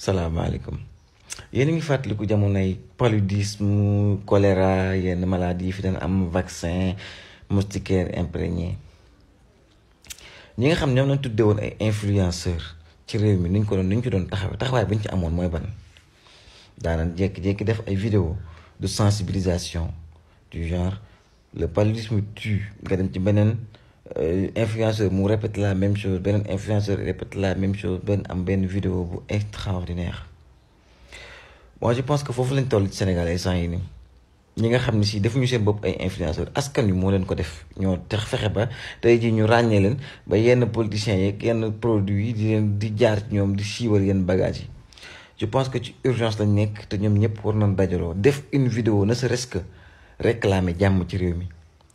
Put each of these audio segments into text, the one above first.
salaamaaleykum yéen a ngi fàttaliku jamonoy paludisme choléra yenn maladies yi fi daan am vaccin moustiquaire imprégné ñi nga xam ñoom lañ tuddee woon ay influenceurs ci réew mi niñ ko doon niñ ko doon taxawee taxawaay bi ñu ci amoon mooy ban daanañ jékki-jékki def ay vidéo de sensibilisation du genre le paludisme tue nga dem ci beneen. Euh, influenceur mou répète la même chose Ben, influenceur répète la même chose ben am ben vidéo bu extraordinaire Moi, je pense que fofu lañ toll ci Sénégal ay sant yi ni ñi nga xam ne defuñu seen bopp ay influenceur askan wi mo leen ko def ñoo tax fexé ba tay ji ñu ragné leen ba yenn politiciens yeeg yenn produits di leen di jaar ci ñoom di siiwal yenn bagages yi je pense que ci urgence lañ nekk te ñoom ñëpp war nañ dajalo def une vidéo ne serait-ce que réclamer jàmm ci réew mi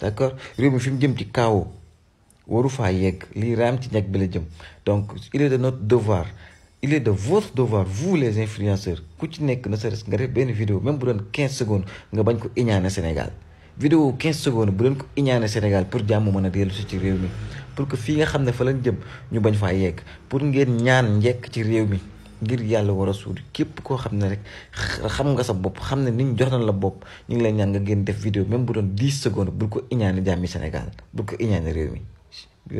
d'accord réew mi fi mu jëm ci kawo waru faa yegg li raam ci ñag bi la jëm donc il est de notre devoir il est de votre devoir vous les influenceurs ku ci nekk na serait nga def benn vidéo même bu doon 15 secondes nga bañ ko iñaane Sénégal vidéo 15 secondes bu doon ko iñaane Sénégal pour jàmm mën a dellu si ci réew mi pour que fii nga xam ne fa lañ jëm ñu bañ faa yegg pour ngeen ñaan njekk ci réew mi ngir yàlla war a suur képp koo xam ne rek xam nga sa bopp xam ne niñ jox na la bopp ñu ngi lay ñaan nga gën def vidéo même bu doon dix secondes bul ko iñaane jàmmi senegal bul ko iñaane réew mi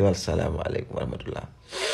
wal salaamu aleykum wa